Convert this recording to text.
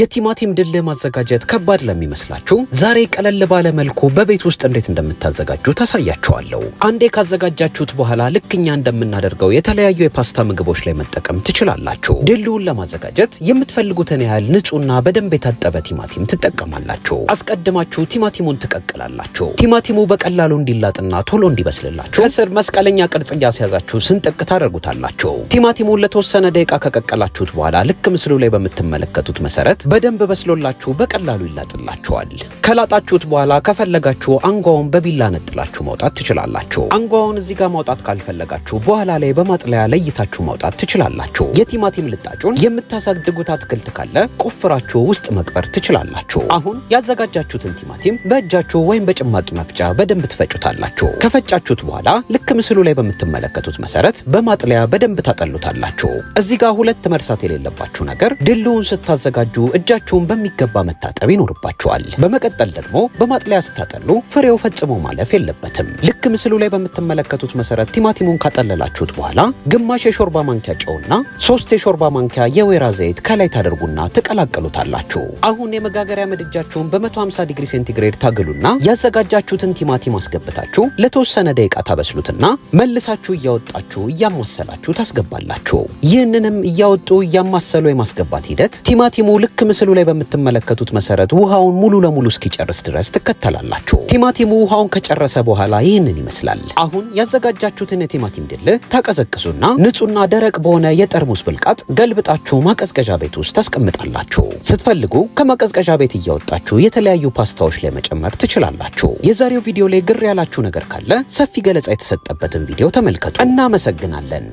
የቲማቲም ድል ማዘጋጀት ከባድ ለሚመስላችሁ ዛሬ ቀለል ባለ መልኩ በቤት ውስጥ እንዴት እንደምታዘጋጁ ታሳያችኋለሁ። አንዴ ካዘጋጃችሁት በኋላ ልክኛ እንደምናደርገው የተለያዩ የፓስታ ምግቦች ላይ መጠቀም ትችላላችሁ። ድልውን ለማዘጋጀት የምትፈልጉትን ያህል ንጹህና በደንብ የታጠበ ቲማቲም ትጠቀማላችሁ። አስቀድማችሁ ቲማቲሙን ትቀቅላላችሁ። ቲማቲሙ በቀላሉ እንዲላጥና ቶሎ እንዲበስልላችሁ ከስር መስቀለኛ ቅርጽ እያስያዛችሁ ስንጥቅ ታደርጉታላችሁ። ቲማቲሙን ለተወሰነ ደቂቃ ከቀቀላችሁት በኋላ ልክ ምስሉ ላይ በምትመለከቱት መሰረት በደንብ በስሎላችሁ በቀላሉ ይላጥላችኋል። ከላጣችሁት በኋላ ከፈለጋችሁ አንጓውን በቢላ ነጥላችሁ መውጣት ትችላላችሁ። አንጓውን እዚህ ጋር ማውጣት ካልፈለጋችሁ በኋላ ላይ በማጥለያ ለይታችሁ ማውጣት ትችላላችሁ። የቲማቲም ልጣጩን የምታሳድጉት አትክልት ካለ ቆፍራችሁ ውስጥ መቅበር ትችላላችሁ። አሁን ያዘጋጃችሁትን ቲማቲም በእጃችሁ ወይም በጭማቂ መፍጫ በደንብ ትፈጩታላችሁ። ከፈጫችሁት በኋላ ልክ ምስሉ ላይ በምትመለከቱት መሰረት በማጥለያ በደንብ ታጠሉታላችሁ። እዚህ ጋር ሁለት መርሳት የሌለባችሁ ነገር ድልውን ስታዘጋጁ እጃችሁን በሚገባ መታጠብ ይኖርባችኋል። በመቀጠል ደግሞ በማጥለያ ስታጠሉ ፍሬው ፈጽሞ ማለፍ የለበትም። ልክ ምስሉ ላይ በምትመለከቱት መሰረት ቲማቲሙን ካጠለላችሁት በኋላ ግማሽ የሾርባ ማንኪያ ጨውና ሶስት የሾርባ ማንኪያ የወይራ ዘይት ከላይ ታደርጉና ትቀላቀሉታላችሁ። አሁን የመጋገሪያ ምድጃችሁን በ150 ዲግሪ ሴንቲግሬድ ታግሉና ያዘጋጃችሁትን ቲማቲም አስገብታችሁ ለተወሰነ ደቂቃ ታበስሉትና መልሳችሁ እያወጣችሁ እያማሰላችሁ ታስገባላችሁ። ይህንንም እያወጡ እያማሰሉ የማስገባት ሂደት ቲማቲሙ ልክ ምስሉ ላይ በምትመለከቱት መሰረት ውሃውን ሙሉ ለሙሉ እስኪጨርስ ድረስ ትከተላላችሁ። ቲማቲሙ ውሃውን ከጨረሰ በኋላ ይህንን ይመስላል። አሁን ያዘጋጃችሁትን የቲማቲም ድል ታቀዘቅዙና ንጹህና ደረቅ በሆነ የጠርሙስ ብልቃጥ ገልብጣችሁ ማቀዝቀዣ ቤት ውስጥ ታስቀምጣላችሁ። ስትፈልጉ ከማቀዝቀዣ ቤት እያወጣችሁ የተለያዩ ፓስታዎች ላይ መጨመር ትችላላችሁ። የዛሬው ቪዲዮ ላይ ግር ያላችሁ ነገር ካለ ሰፊ ገለጻ የተሰጠበትን ቪዲዮ ተመልከቱ። እናመሰግናለን።